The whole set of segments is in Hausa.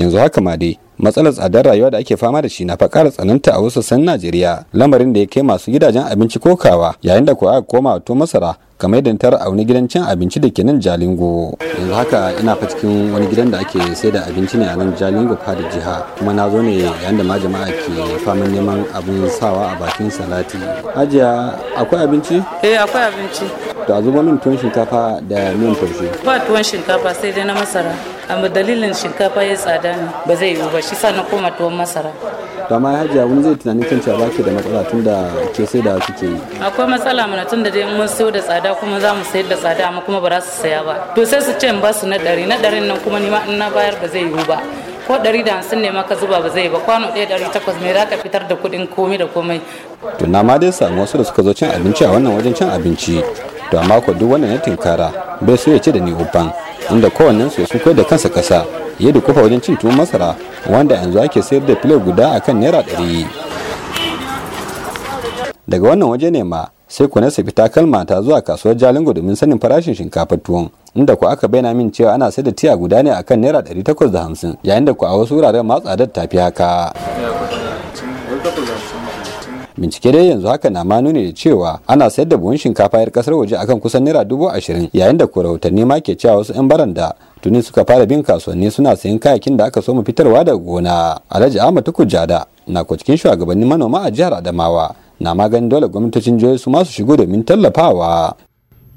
yanzu haka ma dai matsalar tsadar rayuwa da ake fama da shi na fakar tsananta a wasu san Najeriya lamarin da ya kai masu gidajen abinci kokawa yayin da kuwa aka koma wato masara kamar yadda tara a wani gidan cin abinci da ke nan Jalingo yanzu haka ina fa cikin wani gidan da ake sai da abinci ne a nan Jalingo kada jiha kuma na zo ne yayin da ma jama'a ke faman neman abin sawa a bakin salati Hajiya akwai abinci? Eh akwai abinci. to a zuba min tuwon shinkafa da miyan taushe ba tuwon shinkafa sai dai na masara amma dalilin shinkafa ya tsada ne ba zai yiwu ba shi sa na koma tuwon masara to ya hajiya wani zai tunanin kan cewa baki da matsala tun da ke sai da kike yi akwai matsala mana tun da dai mun sayo da tsada kuma za mu sayar da tsada amma kuma ba za su saya ba to sai su ce in ba su na ɗari na ɗarin nan kuma ni ma in na bayar ba zai yiwu ba ko ɗari da hamsin ne maka zuba ba zai ba kwano ɗaya ɗari takwas mai za ka fitar da kuɗin komai da komai. To na ma dai samu wasu da suka zo cin abinci a wannan wajen cin abinci to amma ko duk wanda na tinkara bai so ya ce da ni uban inda kowannen su su kai da kansa kasa ya kufa wajen cin tuwon masara wanda yanzu ake sayar da filo guda akan naira ɗari daga wannan waje ne ma sai ku nasa fita kalma ta zuwa kasuwar jalingo domin sanin farashin shinkafar tuwon inda ku aka bayyana min cewa ana sayar da tiya guda ne akan naira ɗari takwas da hamsin yayin da ku a wasu wuraren ma tsadar tafi haka bincike dai yanzu haka na ma nuni da cewa ana sayar da buhun shinkafa yar kasar waje akan kusan naira dubu ashirin yayin da kurautanni ma ke cewa wasu 'yan baranda tuni suka fara bin kasuwanni suna sayan kayakin da aka so mu fitarwa daga gona alhaji ahmad jada na ko cikin shugabannin manoma a jihar adamawa na maganin dole gwamnatocin jihohi su masu shigo domin tallafawa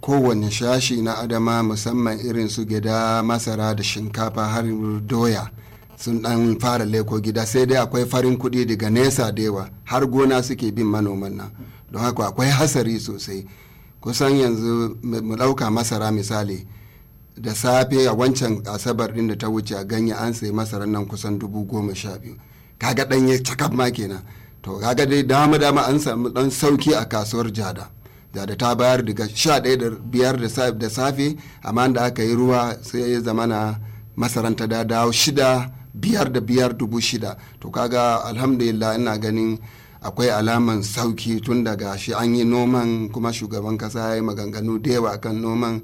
kowane shashi na adama musamman irin su gida masara da shinkafa har doya sun dan fara leko gida sai dai akwai farin kuɗi daga nesa da yawa har gona suke bin manoman nan don haka akwai hasari sosai kusan yanzu mu ɗauka masara misali da safe a wancan asabar din da ta wuce a ganye an sayi masaran nan kusan dubu goma sha biyu kaga ɗanye cakaf ma kenan to kaga dai dama dama an samu dan sauki a kasuwar jada jada ta bayar daga sha ɗaya da biyar da safe amma da aka yi ruwa sai ya zamana masaran ta da dawo shida biyar da biyar dubu shida to kaga alhamdulillah ina ganin akwai alaman sauki tun daga shi an yi noman kuma shugaban kasa ya yi maganganu da yawa kan noman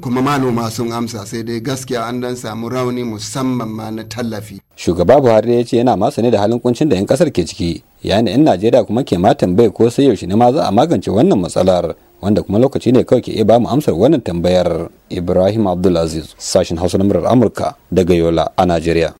kuma manoma sun amsa sai dai gaskiya an dan samu rauni musamman ma na tallafi. Shugaba Buhari ya ce yana masa ne da halin kuncin da 'yan kasar ke ciki yayin da 'yan Najeriya kuma ke ma tambaya ko sai yaushe ne ma za a magance wannan matsalar wanda kuma lokaci ne kawai ke iya bamu amsar wannan tambayar Ibrahim Abdulaziz sashin Hausa na murar Amurka daga Yola a Najeriya.